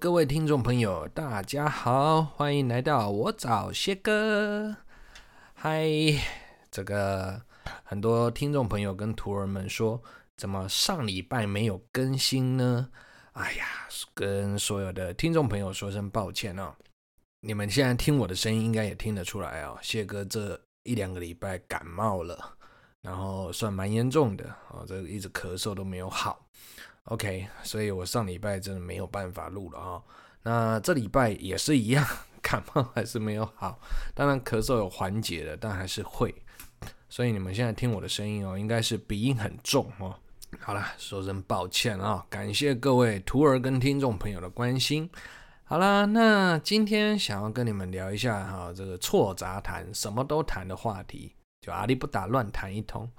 各位聽眾朋友，大家好，歡迎來到我找謝哥。嗨，這個很多聽眾朋友跟徒兒們說，怎麼上禮拜沒有更新呢？哎呀，跟所有的聽眾朋友說聲抱歉哦。你們現在聽我的聲音，應該也聽得出來啊。謝哥這一兩個禮拜感冒了，然後算蠻嚴重的啊，這一直咳嗽都沒有好。OK，所以我上禮拜真的沒有辦法錄了哈、哦。那這禮拜也是一樣，感冒還是沒有好，當然咳嗽有緩解的，但還是會。所以你們現在聽我的聲音哦，應該是鼻音很重哦。好了，說聲抱歉啊、哦，感謝各位徒兒跟聽眾朋友的關心。好了，那今天想要跟你們聊一下哈、哦，這個錯雜談，什麼都談的話題，就阿里不達亂談一通。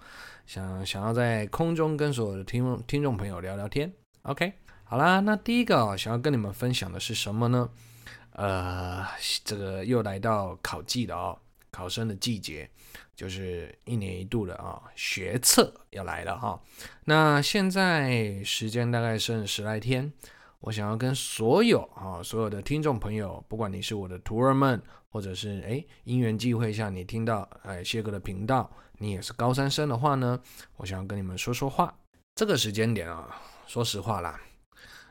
想想要在空中跟所有的聽眾聽眾朋友聊聊天，OK，好啦，那第一個、哦、想要跟你們分享的是什麼呢？呃，這個又來到考季了啊、哦，考生的季節就是一年一度的啊、哦，學測要來了哈、哦。那現在時間大概剩十來天，我想要跟所有啊、哦、所有的聽眾朋友，不管你是我的徒兒們，或者是哎因緣際會下你聽到哎謝哥的頻道。你也是高三生的話呢，我想要跟你們說說話。這個時間點啊，說實話啦，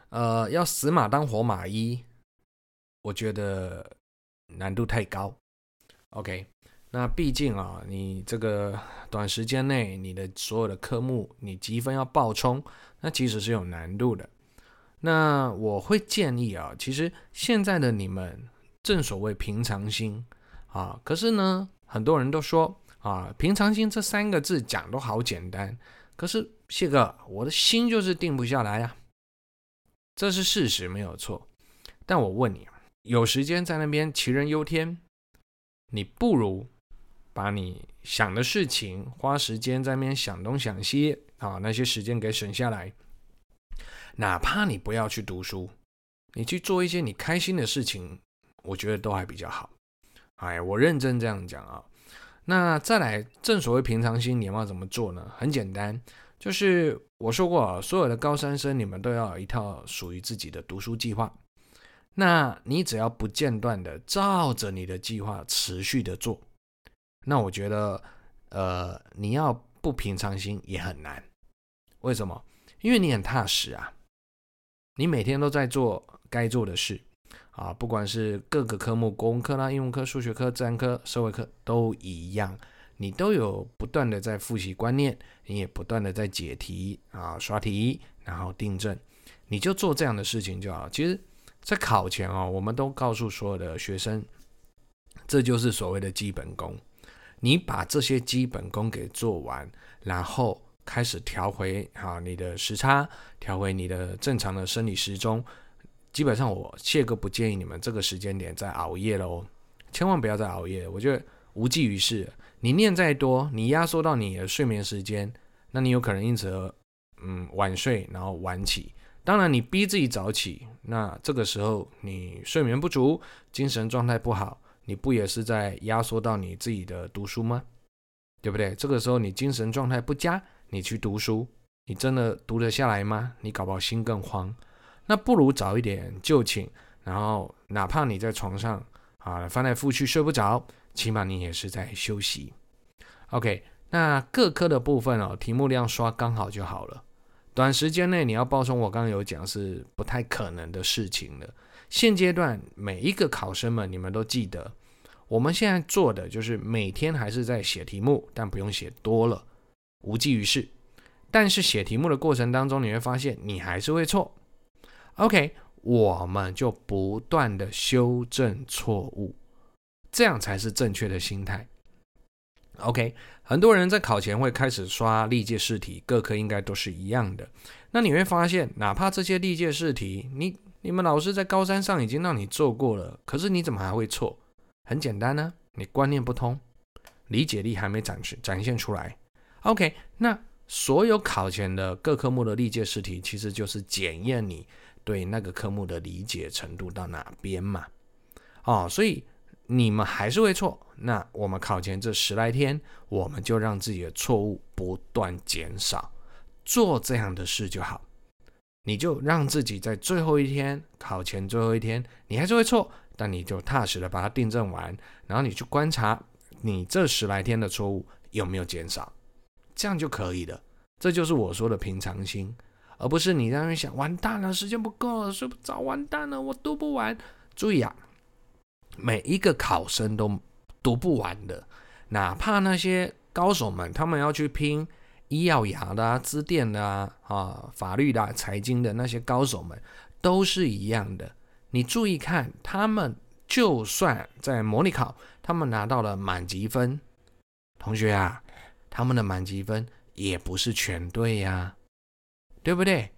呃，要死馬當活馬醫，我覺得難度太高。OK，那畢竟啊，你這個短時間內你的所有的科目，你級分要爆衝，那其實是有難度的。那我會建議啊，其實現在的你們，正所謂平常心啊。可是呢，很多人都說。啊，平常心這三個字講都好簡單，可是謝哥，我的心就是定不下來呀，啊，這是事實，沒有錯。但我問你，有時間在那邊杞人憂天，你不如把你想的事情花時間在那邊想東想西啊，那些時間給省下來，哪怕你不要去讀書，你去做一些你開心的事情，我覺得都還比較好。哎，我認真這樣講啊。那再來，正所謂平常心，你要怎麼做呢？很簡單，就是我說過啊，所有的高三生，你們都要有一套屬於自己的讀書計劃。那你只要不間斷的照着你的計劃持續的做，那我覺得，呃，你要不平常心也很難。為什麼？因為你很踏實啊，你每天都在做該做的事。啊，不管是各個科目，國文科啦、英文科、數學科、自然科、社會科都一樣，你都有不斷的在複習觀念，你也不斷的在解題啊、刷題，然後訂正，你就做這樣的事情就好。其實，在考前哦，我們都告訴所有的學生，這就是所謂的基本功，你把這些基本功給做完，然後開始調回啊你的時差，調回你的正常的生理時鐘。基本上，我謝哥不建議你們這個時間點再熬夜嘍，千萬不要再熬夜。我覺得無濟於事。你念再多，你壓縮到你的睡眠時間，那你有可能因此而嗯晚睡，然後晚起。當然，你逼自己早起，那這個時候你睡眠不足，精神狀態不好，你不也是在壓縮到你自己的讀書嗎？對不對？這個時候你精神狀態不佳，你去讀書，你真的讀得下來嗎？你搞不好心更慌。那不如早一點就寢，然後哪怕你在床上啊翻來覆去睡不着，起碼你也是在休息。OK，那各科的部分哦，題目量刷剛好就好了。短時間內你要暴衝，我剛剛有講是不太可能的事情的。現階段每一個考生們，你們都記得，我們現在做的就是每天還是在寫題目，但不用寫多了，無濟於事。但是寫題目的過程當中，你會發現你還是會錯。OK，我們就不斷的修正錯誤，這樣才是正確的心態。OK，很多人在考前會開始刷歷屆試題，各科應該都是一樣的。那你會發現，哪怕這些歷屆試題，你你們老師在高三上已經讓你做過了，可是你怎麼還會錯？很簡單呢、啊，你觀念不通，理解力還沒展現展現出來。OK，那所有考前的各科目的歷屆試題，其實就是檢驗你，對那個科目的理解程度到哪邊嘛？哦，所以你們還是會錯。那我們考前這十來天，我們就讓自己的錯誤不斷減少，做這樣的事就好。你就讓自己在最後一天，考前最後一天，你還是會錯，但你就踏實的把它訂正完，然後你去觀察你這十來天的錯誤有沒有減少，這樣就可以了。這就是我說的平常心。而不是你在那邊想完蛋了，時間不夠了，睡不着完蛋了，我讀不完。注意啊，每一個考生都讀不完的，哪怕那些高手們，他們要去拼醫藥牙的、啊、資電的啊、啊法律的、啊、財經的那些高手們，都是一樣的。你注意看，他們就算在模擬考，他們拿到了滿級分，同學啊，他們的滿級分也不是全對呀、啊。對不對？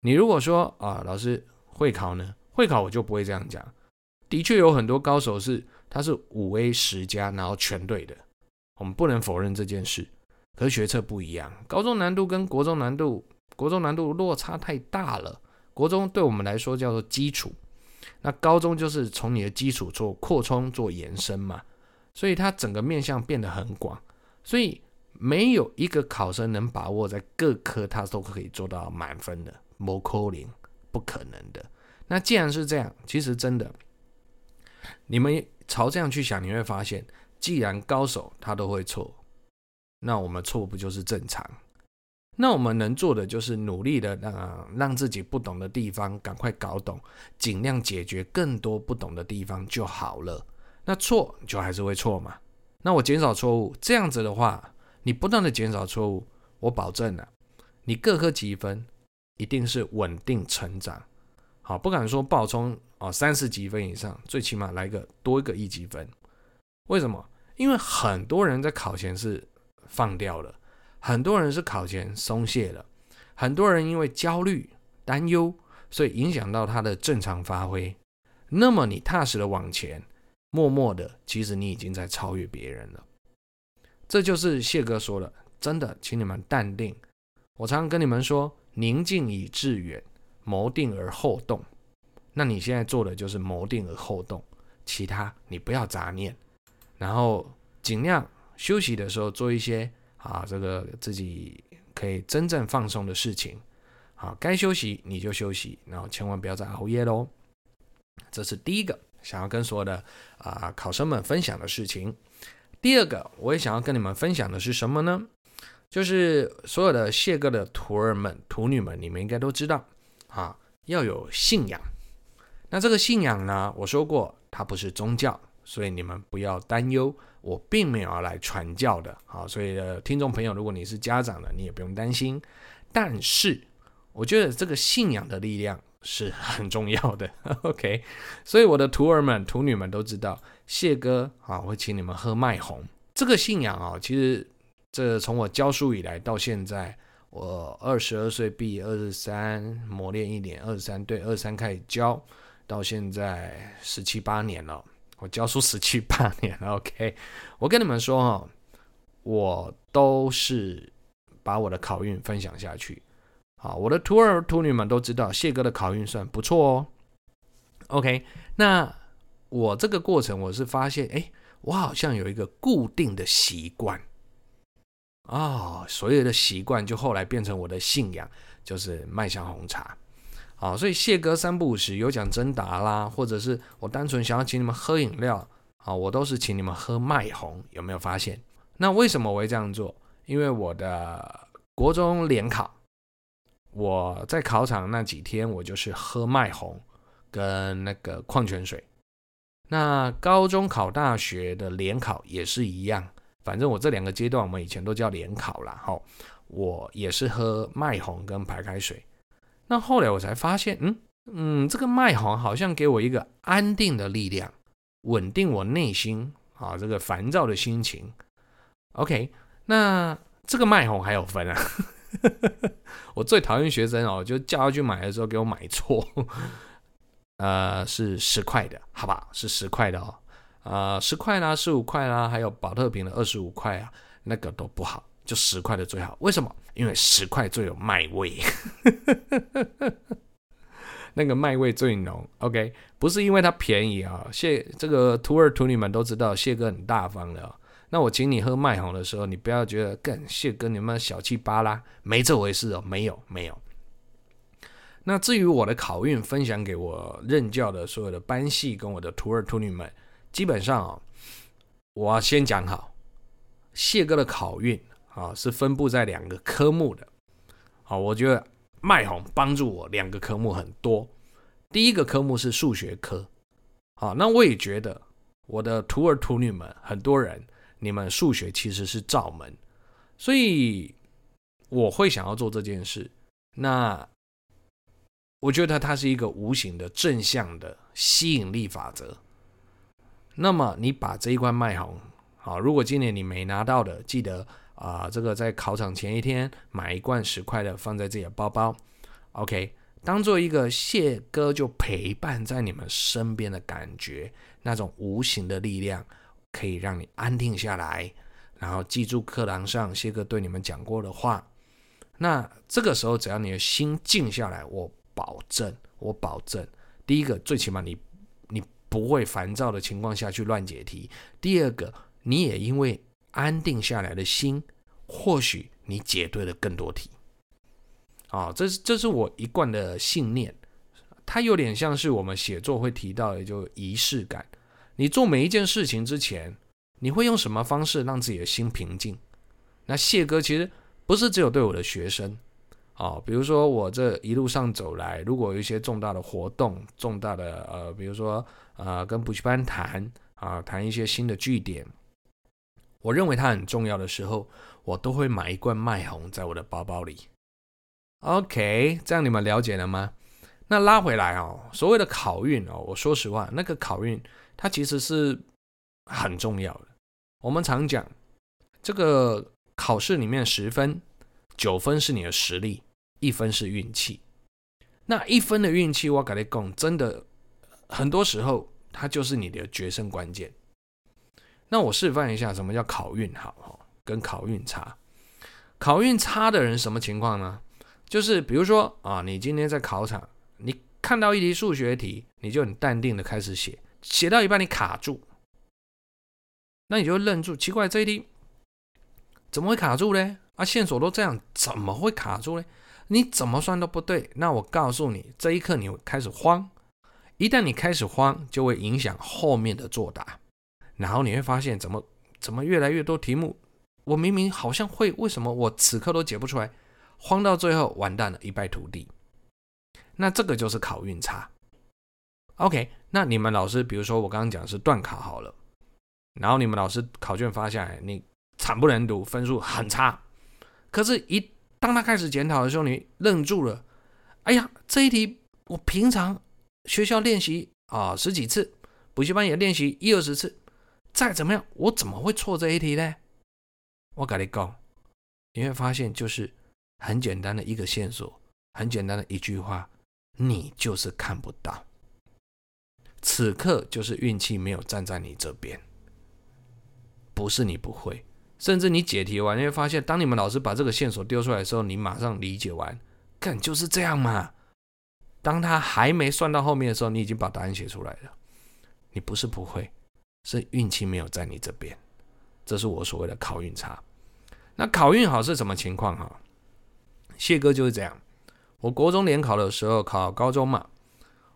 你如果說啊，老師會考呢？會考我就不會這樣講。的確有很多高手是他是五 A 十加，然後全對的。我們不能否認這件事。可是學測不一樣，高中難度跟國中難度，國中難度落差太大了。國中對我們來說叫做基礎，那高中就是從你的基礎做擴充、做延伸嘛。所以它整個面向變得很廣。所以。沒有一個考生能把握在各科他都可以做到滿分的，無可能不可能的。那既然是這樣，其實真的，你們朝這樣去想，你會發現，既然高手他都會錯，那我們錯不就是正常？那我們能做的就是努力的讓讓自己不懂的地方趕快搞懂，盡量解決更多不懂的地方就好了。那錯就還是會錯嘛。那我減少錯誤，這樣子的話，你不斷的減少錯誤，我保證了、啊，你各科級分，一定是穩定成長。好，不敢說爆衝啊、哦，三四級分以上，最起碼來個多一個一級分。為什麼？因為很多人在考前是放掉了，很多人是考前鬆懈了，很多人因為焦慮、擔憂，所以影響到他的正常發揮。那麼你踏實的往前，默默的，其實你已經在超越別人了。這就是謝哥說的，真的，請你們淡定。我常常跟你們說，寧靜以致遠，謀定而後動。那你現在做的就是謀定而後動，其他你不要雜念，然後盡量休息的時候做一些啊，這個自己可以真正放鬆的事情。好，啊，該休息你就休息，然後千萬不要再熬夜嘍。這是第一個想要跟所有的啊考生們分享的事情。第二個，我也想要跟你們分享的是什麼呢？就是所有的謝哥的徒兒們、徒女們，你們應該都知道啊，要有信仰。那這個信仰呢，我說過，它不是宗教，所以你們不要擔憂，我並沒有要來傳教的。好，所以聽眾朋友，如果你是家長的，你也不用擔心。但是，我覺得這個信仰的力量，是很重要的，OK，所以我的徒兒們、徒女們都知道，謝哥啊，我會請你們喝麥紅。這個信仰啊、哦，其實這從我教書以來到現在，我二十二歲畢業，二十三磨練一年，二十三對二十三開始教，到現在十七八年了，我教書十七八年了，OK，我跟你們說哈、哦，我都是把我的考運分享下去。啊，我的徒兒徒女們都知道謝哥的考運算不錯哦。OK，那我這個過程我是發現，哎，我好像有一個固定的習慣啊，oh, 所有的習慣就後來變成我的信仰，就是麥香紅茶。好，所以謝哥三不五時有獎徵答啦，或者是我單純想要請你們喝飲料啊，我都是請你們喝麥紅，有沒有發現？那為什麼我會這樣做？因為我的國中聯考。我在考場那幾天，我就是喝麥紅，跟那個礦泉水。那高中考大學的聯考也是一樣，反正我這兩個階段我們以前都叫聯考啦。哦，我也是喝麥紅跟白開水。那後來我才發現，嗯嗯，這個麥紅好像給我一個安定的力量，穩定我內心啊這個煩躁的心情。OK，那這個麥紅還有分啊？ 我最討厭學生哦，就叫他去買的時候給我買錯。 呃，是十塊的，好吧，是十塊的哦。啊、呃，十塊啦，十五塊啦，還有寶特瓶的二十五塊啊，那個都不好，就十塊的最好。為什麼？因為十塊最有麥味， 那個麥味最濃。OK，不是因為它便宜啊、哦。謝這個徒兒徒女們都知道，謝哥很大方的、哦。那我請你喝麥紅的時候，你不要覺得感謝哥你們小氣巴拉，沒這回事哦，沒有沒有。那至於我的考運分享給我任教的所有的班系跟我的徒兒徒女們，基本上啊、哦，我要先講好，謝哥的考運啊是分布在兩個科目的，好、啊，我覺得麥紅幫助我兩個科目很多。第一個科目是數學科，好、啊，那我也覺得我的徒兒徒女們很多人。你們數學其實是罩門，所以我會想要做這件事。那我覺得它，它是一個無形的正向的吸引力法則。那麼你把這一罐麥紅，好，如果今年你沒拿到的，記得啊、呃，這個在考場前一天買一罐十塊的，放在自己的包包，OK，當做一個謝哥就陪伴在你們身邊的感覺，那種無形的力量。可以讓你安定下來，然後記住課堂上謝哥對你們講過的話。那這個時候，只要你的心靜下來，我保證，我保證，第一個，最起碼你，你不會煩躁的情況下去亂解題；第二個，你也因為安定下來的心，或許你解對了更多題。啊、哦，這是這是我一貫的信念，它有點像是我們寫作會提到的，就儀式感。你做每一件事情之前，你會用什麼方式讓自己的心平靜？那謝哥其實不是只有對我的學生，哦，比如說我這一路上走來，如果有一些重大的活動、重大的呃，比如說呃跟補習班談啊、呃，談一些新的據點，我認為它很重要的時候，我都會買一罐麥紅在我的包包裡。OK，這樣你們了解了嗎？那拉回來哦，所謂的考運哦，我說實話，那個考運。它其實是很重要的。我們常講，這個考試裡面，十分九分是你的實力，一分是運氣。那一分的運氣，我跟你講，真的很多時候它就是你的決勝關鍵。那我示範一下，什麼叫考運好跟考運差。考運差的人什麼情況呢？就是比如說啊，你今天在考場，你看到一題數學題，你就很淡定的開始寫。寫到一半你卡住，那你就會愣住。奇怪，這一題怎麼會卡住呢？啊，線索都這樣，怎麼會卡住呢？你怎麼算都不對。那我告訴你，這一刻你會開始慌。一旦你開始慌，就會影響後面的作答。然後你會發現，怎麼怎麼越來越多題目，我明明好像會，為什麼我此刻都解不出來？慌到最後完蛋了，一敗塗地。那這個就是考運差。OK。那你們老師，比如說我剛剛講是段考好了，然後你們老師考卷發下來，你慘不忍睹，分數很差。可是一，一當他開始檢討的時候，你愣住了。哎呀，這一題我平常學校練習啊、哦、十幾次，補習班也練習一二十次，再怎麼樣，我怎麼會錯這一題呢？我跟你講，你會發現就是很簡單的一個線索，很簡單的一句話，你就是看不到。此刻就是運氣沒有站在你這邊，不是你不會，甚至你解題完你會發現，當你們老師把這個線索丟出來的時候，你馬上理解完，看就是這樣嘛。當他還沒算到後面的時候，你已經把答案寫出來了。你不是不會，是運氣沒有在你這邊，這是我所謂的考運差。那考運好是什麼情況哈，謝哥就是這樣，我國中聯考的時候考高中嘛，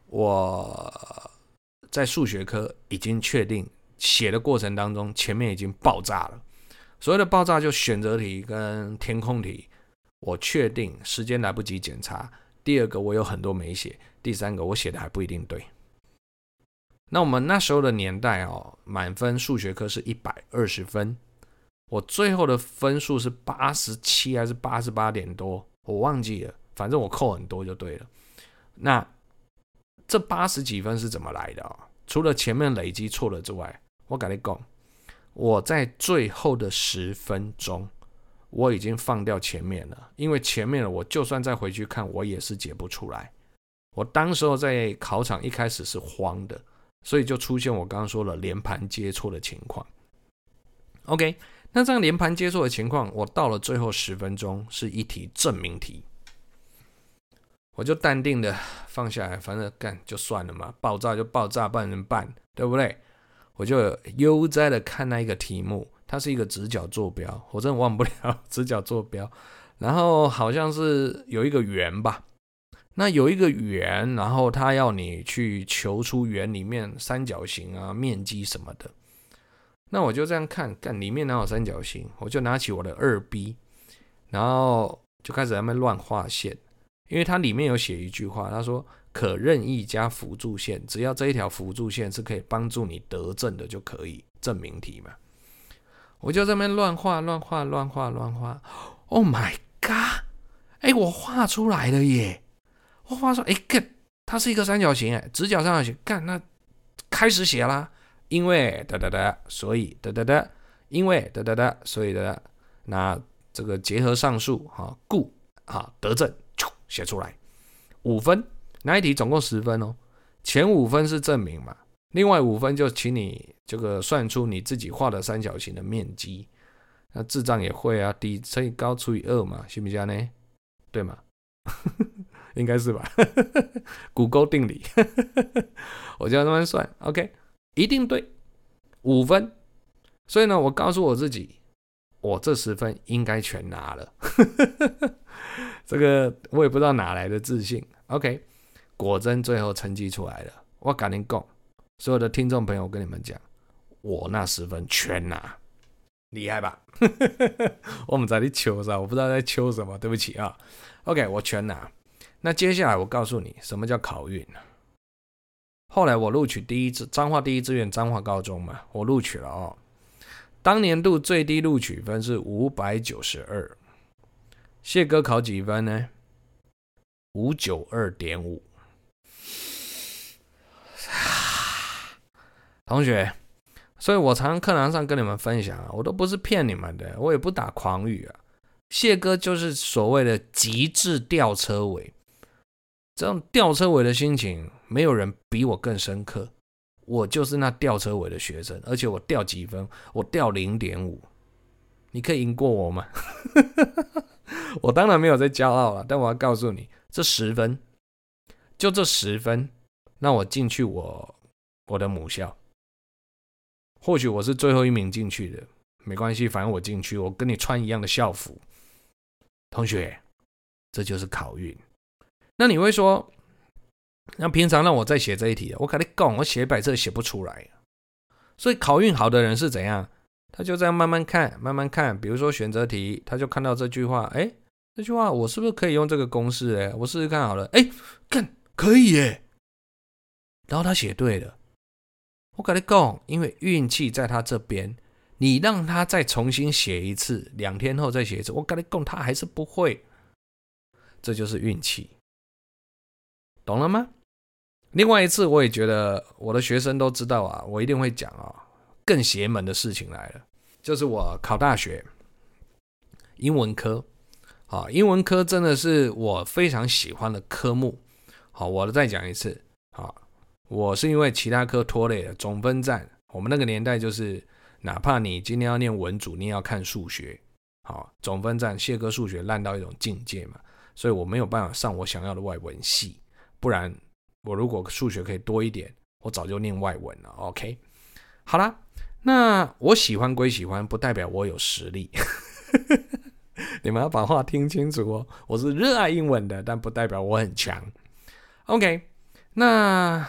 我。在數學科已經確定寫的過程當中，前面已經爆炸了。所謂的爆炸就選擇題跟填空題，我確定時間來不及檢查。第二個，我有很多沒寫；第三個，我寫的還不一定對。那我們那時候的年代哦，滿分數學科是一百二十分，我最後的分數是八十七還是八十八點多，我忘記了，反正我扣很多就對了。那。這八十幾分是怎麼來的啊？除了前面累積錯了之外，我跟你講，我在最後的十分鐘，我已經放掉前面了，因為前面的我就算再回去看，我也是解不出來。我當時候在考場一開始是慌的，所以就出現我剛剛說了連盤接錯的情況。OK，那這樣連盤接錯的情況，我到了最後十分鐘是一題證明題。我就淡定的放下來，反正幹就算了嘛，爆炸就爆炸，半人半，對不對？我就悠哉的看那一個題目，它是一個直角坐標，我真的忘不了直角坐標。然後好像是有一個圓吧，那有一個圓，然後它要你去求出圓裡面三角形啊，面積什麼的。那我就這樣看看裡面哪有三角形，我就拿起我的 2B，然後就開始在那邊亂畫線。因為它裡面有寫一句話，他說可任意加輔助線，只要這一條輔助線是可以幫助你得證的，就可以證明題嘛。我就這邊亂畫亂畫亂畫亂畫，Oh my god！哎，我畫出來了耶！我畫出，哎，幹，它是一個三角形，哎，直角三角形。幹，那開始寫啦，因為噠噠噠，所以噠噠噠，因為噠噠噠，所以噠噠。那這個結合上述哈，故哈得證。寫出來，五分，哪一題總共十分哦？前五分是證明嘛，另外五分就請你這個算出你自己畫的三角形的面積。那智障也會啊，底乘以高除以二嘛，行不行呢？對嗎？ 應該是吧？勾 股 Google 定理， 我就要這麼算。OK，一定對，五分。所以呢，我告訴我自己，我這十分應該全拿了。 這個我也不知道哪來的自信。OK，果真最後成績出來了，我趕緊講所有的聽眾朋友，跟你們講，我那十分全拿，厲害吧？ 我們在這裡求啥？我不知道在求什麼，對不起啊。OK，我全拿。那接下來我告訴你什麼叫考運。後來我錄取第一志，彰化第一志願彰化高中嘛，我錄取了哦。當年度最低錄取分是五百九十二。謝哥考幾分呢？五九二點五。 同學，所以我常常課堂上跟你們分享啊，我都不是騙你們的，我也不打誑語啊。謝哥就是所謂的極致吊車尾，這種吊車尾的心情，沒有人比我更深刻。我就是那吊車尾的學生，而且我吊幾分，我吊零點五，你可以贏過我嗎？ 我當然沒有在驕傲了，但我要告訴你，這十分，就這十分，那我進去我我的母校，或許我是最後一名進去的，沒關係，反正我進去，我跟你穿一樣的校服，同學，這就是考運。那你會說，那平常讓我在寫這一題，我跟你講，我寫一百次寫不出來。所以考運好的人是怎樣？他就這樣慢慢看，慢慢看。比如說選擇題，他就看到這句話，哎，這句話我是不是可以用這個公式？哎，我試試看好了，哎，看可以耶。然後他寫對了，我跟你講，因為運氣在他這邊。你讓他再重新寫一次，兩天後再寫一次，我跟你講，他還是不會，這就是運氣，懂了嗎？另外一次，我也覺得我的學生都知道啊，我一定會講啊、哦。更邪門的事情來了，就是我考大學，英文科，啊，英文科真的是我非常喜歡的科目，好，我再講一次，我是因為其他科拖累了總分戰，我們那個年代就是，哪怕你今天要念文組，你也要看數學，好，總分戰謝哥數學爛到一種境界嘛，所以我沒有辦法上我想要的外文系，不然我如果數學可以多一點，我早就念外文了，OK，好啦。那我喜歡歸喜歡，不代表我有實力。 你們要把話聽清楚哦，我是熱愛英文的，但不代表我很強。OK，那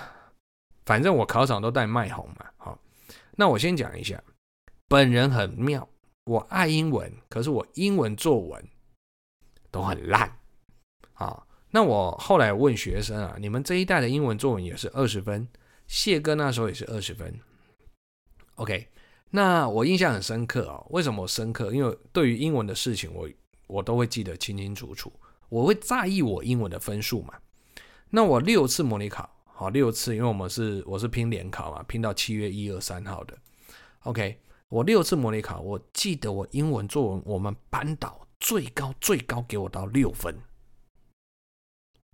反正我考場都帶麥紅嘛，好、哦，那我先講一下，本人很妙，我愛英文，可是我英文作文都很爛。啊、哦，那我後來問學生啊，你們這一代的英文作文也是二十分，謝哥那時候也是二十分。OK，那我印象很深刻哦，為什麼我深刻？因為對於英文的事情我，我我都會記得清清楚楚。我會在意我英文的分數嘛？那我六次模擬考，好，六次，因為我們是我是拼聯考嘛，拼到七月一二三號的。OK，我六次模擬考，我記得我英文作文，我們班導最高最高給我到六分，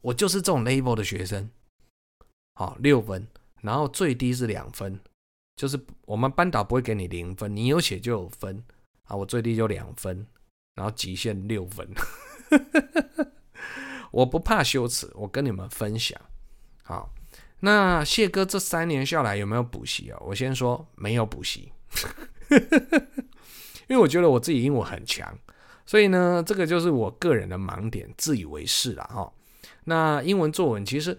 我就是這種 label 的學生，好，六分，然後最低是兩分。就是我們班導不會給你零分，你有寫就有分啊，我最低就兩分，然後極限六分， 我不怕羞恥，我跟你們分享。好，那謝哥這三年下來有沒有補習啊？我先說沒有補習， 因為我覺得我自己英文很強，所以呢，這個就是我個人的盲點，自以為是了哦。那英文作文其實。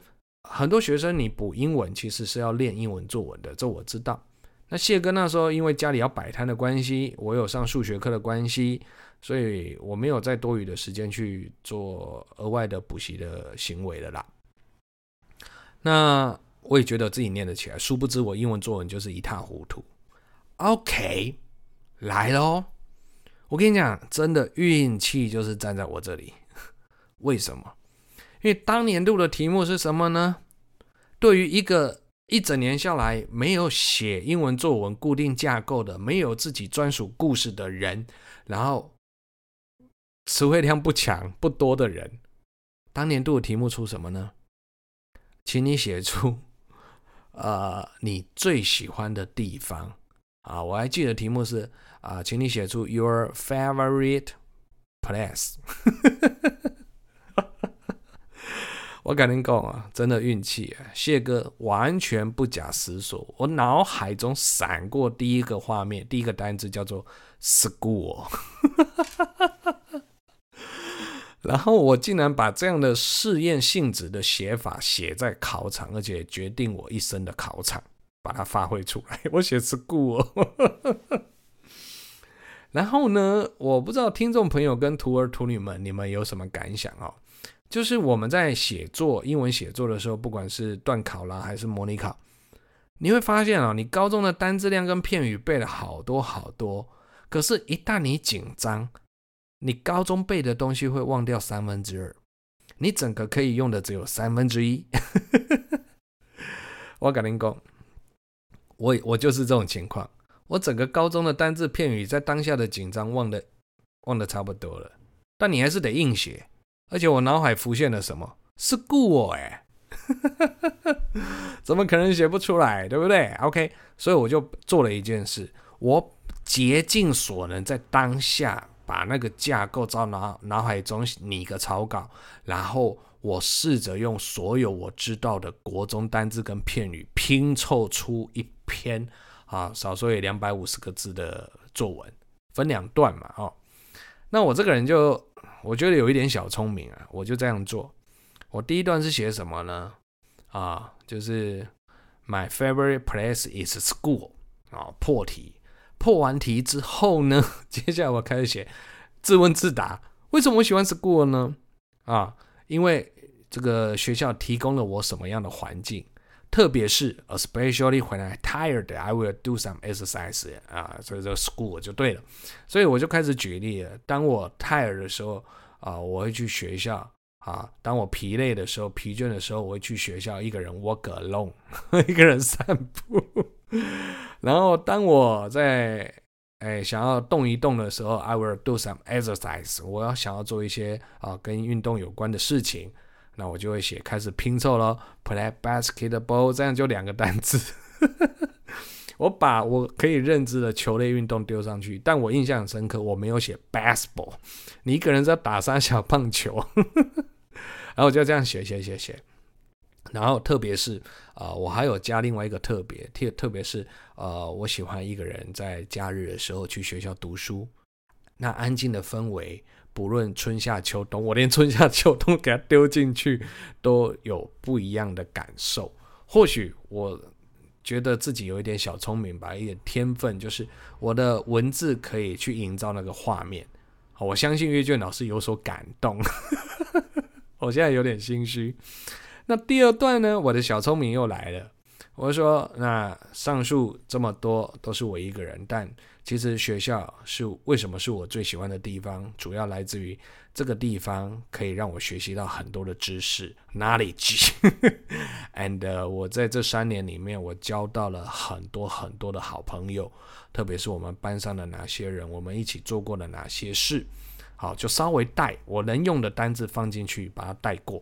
很多學生，你補英文其實是要練英文作文的，這我知道。那謝哥那時候因為家裡要擺攤的關係，我有上數學課的關係，所以我沒有再多餘的時間去做額外的補習的行為了啦。那我也覺得自己念得起來，殊不知我英文作文就是一塌糊塗。OK，來咯，我跟你講，真的運氣就是站在我這裡，為什麼？因為當年度的題目是什麼呢？對於一個一整年下來沒有寫英文作文固定架構的、沒有自己專屬故事的人，然後詞彙量不強不多的人，當年度的題目出什麼呢？請你寫出，呃，你最喜歡的地方啊！我還記得題目是啊，請你寫出 your favorite place。 我跟您講啊，真的運氣啊！謝哥完全不假思索，我腦海中閃過第一個畫面，第一個單字叫做 “school” 哦。 然後我竟然把這樣的試驗性質的寫法寫在考場，而且決定我一生的考場，把它發揮出來。我寫 “school” 哦。 然後呢，我不知道聽眾朋友跟徒兒徒女們，你們有什麼感想啊？就是我們在寫作英文寫作的時候，不管是段考啦還是模擬考，你會發現啊、哦，你高中的單字量跟片語背了好多好多，可是，一旦你緊張，你高中背的東西會忘掉三分之二，你整個可以用的只有三分之一。 我跟你講，我我就是這種情況，我整個高中的單字片語在當下的緊張忘的忘的差不多了，但你還是得硬寫。而且我腦海浮現了什麼？是故我。哎， 怎麼可能寫不出來對不對？OK，所以我就做了一件事，我竭盡所能在當下把那個架構照腦腦海中擬個草稿，然後我試着用所有我知道的國中單字跟片語拼湊出一篇啊，少說也兩百五十個字的作文，分兩段嘛哦。那我這個人就我覺得有一點小聰明啊，我就這樣做。我第一段是寫什麼呢？啊，就是 My favorite place is school。啊，破題。破完題之後呢，接下來我開始寫自問自答：為什麼我喜歡 school 呢？啊，因為這個學校提供了我什麼樣的環境。特別是 especially when I tired，I will do some exercise 啊，所以這 school 就對了。所以我就開始舉例了。當我 tired 的時候啊、呃，我會去學校啊；當我疲累的時候、疲倦的時候，我會去學校一個人 walk alone，一個人散步。 然後當我在哎想要動一動的時候，I will do some exercise，我要想要做一些啊跟運動有關的事情。那我就會寫開始拼湊嘍，play basketball，這樣就兩個單詞。 我把我可以認知的球類運動丟上去，但我印象很深刻，我沒有寫 basketball。你一個人在打三小棒球？ 然後我就這樣寫寫寫寫。然後特別是啊、呃，我還有加另外一個特別，特特別是啊、呃，我喜歡一個人在假日的時候去學校讀書，那安靜的氛圍。不論春夏秋冬，我連春夏秋冬給它丟進去都有不一樣的感受。或許我覺得自己有一點小聰明吧，一點天分，就是我的文字可以去營造那個畫面。我相信閱卷老師有所感動， 我現在有點心虛。那第二段呢？我的小聰明又來了。我說，那上述這麼多都是我一個人，但其實學校是為什麼是我最喜歡的地方，主要來自於這個地方可以讓我學習到很多的知識，knowledge，and 我在這三年裡面，我交到了很多很多的好朋友，特別是我們班上的哪些人，我們一起做過的哪些事，好，就稍微帶我能用的單字放進去，把它帶過。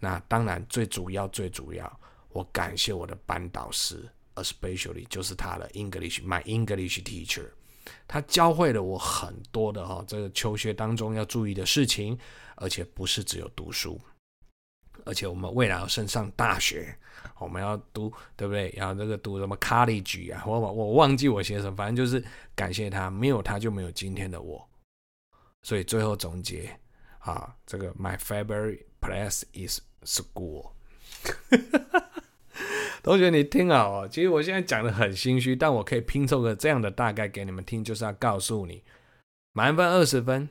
那當然，最主要，最主要。我感謝我的班導師，especially 就是他的 English，my English teacher，他教會了我很多的哈、哦，這個求學當中要注意的事情，而且不是只有讀書，而且我們未來要升上大學，我們要讀，對不對？然後這個讀什麼 college 啊，我我我忘記我寫什麼，反正就是感謝他，沒有他就沒有今天的我。所以最後總結啊，這個 my favorite place is school。 同學，你聽好哦。其實我現在講得很心虛，但我可以拼湊個這樣的大概給你們聽，就是要告訴你，滿分二十分，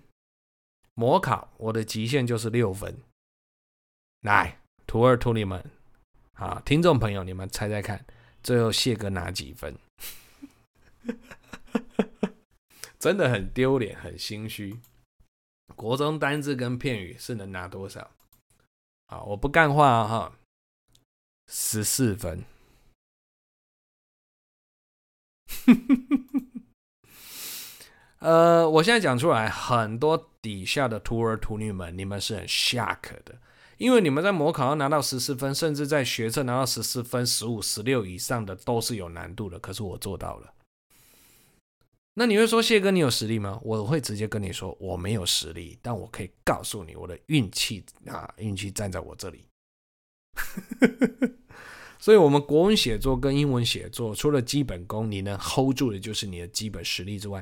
模考我的極限就是六分。來，徒二徒你們，好，聽眾朋友，你們猜猜看，最後謝哥拿幾分？ 真的很丟臉，很心虛。國中單字跟片語是能拿多少？好，我不幹話哈、哦。十四分， 呃，我現在講出來，很多底下的徒兒徒女們，你們是很 shock 的，因為你們在模考要拿到十四分，甚至在學測拿到十四分、十五、十六以上的都是有難度的。可是我做到了。那你會說謝哥，你有實力嗎？我會直接跟你說，我沒有實力，但我可以告訴你，我的運氣啊，運氣站在我這裡。 所以，我們國文寫作跟英文寫作，除了基本功，你能 hold 住的，就是你的基本實力之外，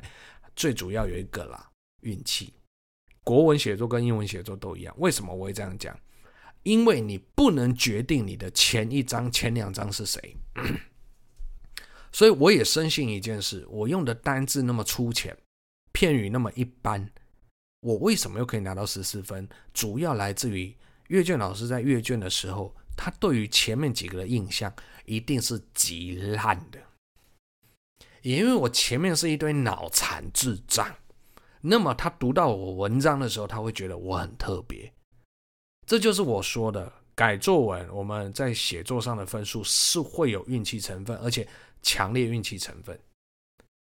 最主要有一個啦，運氣。國文寫作跟英文寫作都一樣。為什麼我會這樣講？因為你不能決定你的前一張、前兩張是誰。嗯、所以，我也深信一件事：我用的單字那麼粗淺，片語那麼一般，我為什麼又可以拿到十四分？主要來自於閱卷老師在閱卷的時候。他對於前面幾個的印象一定是極爛的，也因為我前面是一堆腦殘智障，那麼他讀到我文章的時候，他會覺得我很特別。這就是我說的改作文，我們在寫作上的分數是會有運氣成分，而且強烈運氣成分，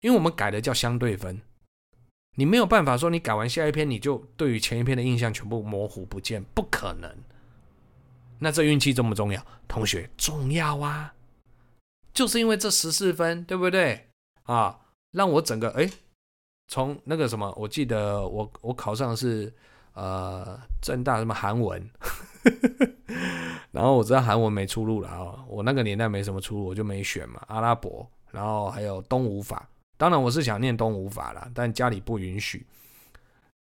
因為我們改的叫相對分，你沒有辦法說你改完下一篇，你就對於前一篇的印象全部模糊不見，不可能。那這運氣重不重要？同學，重要啊！就是因為這十四分，對不對啊？讓我整個誒從、欸、那個什麼，我記得我我考上是呃政大什麼韓文， 然後我知道韓文沒出路了啊，我那個年代沒什麼出路，我就沒選嘛阿拉伯，然後還有東吳法，當然我是想念東吳法了，但家裡不允許，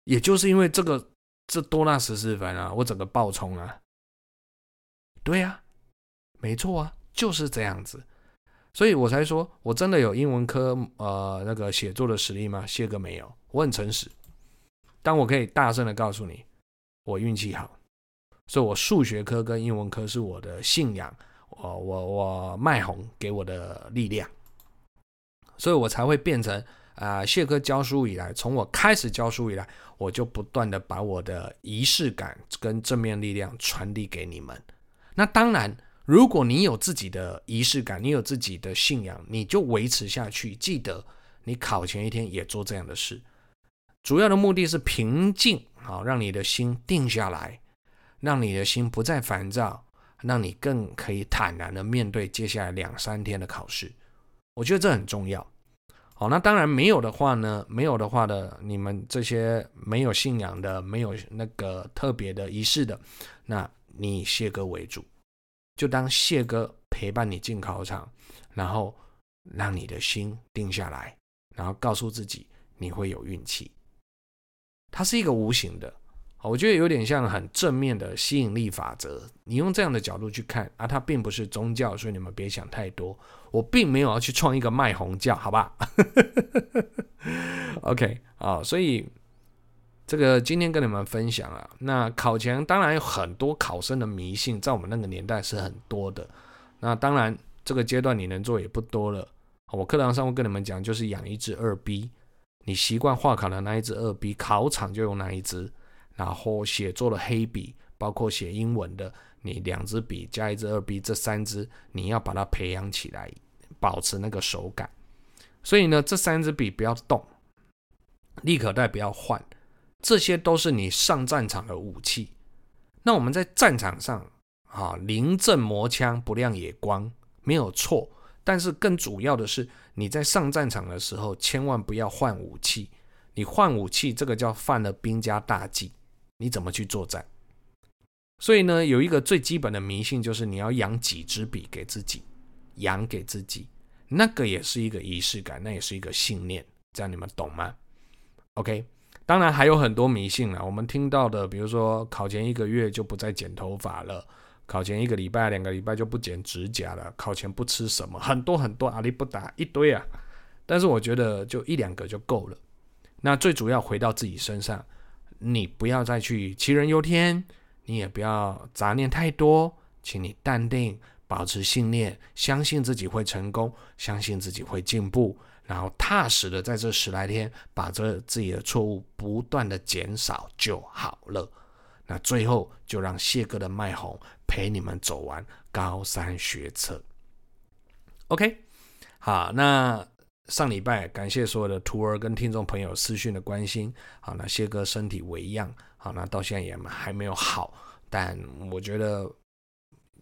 也就是因為這個這多那十四分啊，我整個暴衝啊！對呀、啊，沒錯啊，就是這樣子，所以我才說，我真的有英文科呃那個寫作的實力嗎？謝哥沒有，我很誠實。但我可以大聲的告訴你，我運氣好，所以我數學科跟英文科是我的信仰，呃、我我我麥紅給我的力量，所以我才會變成啊、呃，謝哥教書以來，從我開始教書以來，我就不斷的把我的儀式感跟正面力量傳遞給你們。那當然，如果你有自己的儀式感，你有自己的信仰，你就維持下去。記得你考前一天也做這樣的事，主要的目的是平靜，好讓你的心定下來，讓你的心不再煩躁，讓你更可以坦然的面對接下來兩三天的考試。我覺得這很重要。好，那當然沒有的話呢？沒有的話呢？你們這些沒有信仰的、沒有那個特別的儀式的，那。你以謝哥為主，就當謝哥陪伴你進考場，然後讓你的心定下來，然後告訴自己你會有運氣。它是一個無形的，我覺得有點像很正面的吸引力法則。你用這樣的角度去看，啊，它並不是宗教，所以你們別想太多。我並沒有要去創一個麥紅教，好吧 ？OK 啊，所以。這個今天跟你們分享啊，那考前當然有很多考生的迷信，在我們那個年代是很多的。那當然這個階段你能做也不多了。我課堂上會跟你們講，就是養一隻二 B，你習慣畫卡的那一隻二 B，考場就用那一隻。然後寫作的黑筆，包括寫英文的，你兩支筆加一支二 B，這三支你要把它培養起來，保持那個手感。所以呢，這三支筆不要動，立可帶不要換。這些都是你上戰場的武器。那我們在戰場上啊，臨陣磨槍不亮也光，沒有錯。但是更主要的是，你在上戰場的時候，千萬不要換武器。你換武器，這個叫犯了兵家大忌。你怎麼去作戰？所以呢，有一個最基本的迷信，就是你要養幾支筆給自己，養給自己，那個也是一個儀式感，那也是一個信念。這樣你們懂嗎？OK。當然還有很多迷信啊，我們聽到的，比如說考前一個月就不再剪頭髮了，考前一個禮拜、兩個禮拜就不剪指甲了，考前不吃什麼，很多很多，阿里不達一堆啊。但是我覺得就一兩個就夠了。那最主要回到自己身上，你不要再去杞人憂天，你也不要雜念太多，請你淡定，保持信念，相信自己會成功，相信自己會進步。然後踏實的在這十來天，把這自己的錯誤不斷的減少就好了。那最後就讓謝哥的麥紅陪你們走完高三學測。OK，好，那上禮拜感謝所有的徒兒跟聽眾朋友私訊的關心。好，那謝哥身體微恙，好，那到現在也還沒有好，但我覺得。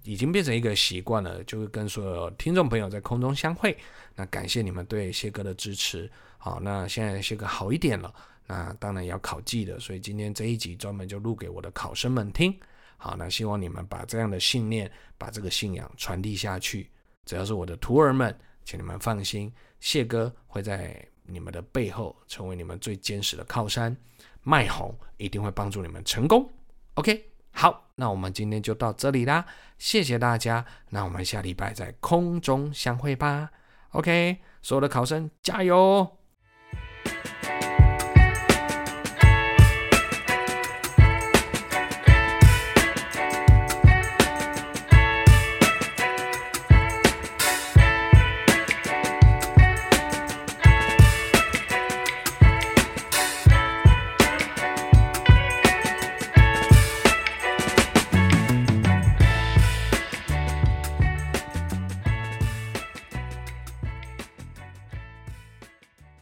已經變成一個習慣了，就是跟所有聽眾朋友在空中相會。那感謝你們對謝哥的支持。好，那現在謝哥好一點了，那當然也要考技的，所以今天這一集專門就錄給我的考生們聽。好，那希望你們把這樣的信念、把這個信仰傳遞下去。只要是我的徒兒們，請你們放心，謝哥會在你們的背後，成為你們最堅實的靠山。麥紅一定會幫助你們成功。OK，好。那我們今天就到這裡啦，謝謝大家。那我們下禮拜再空中相會吧。OK，所有的考生加油！